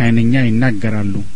ቻይንኛ ይናገራሉ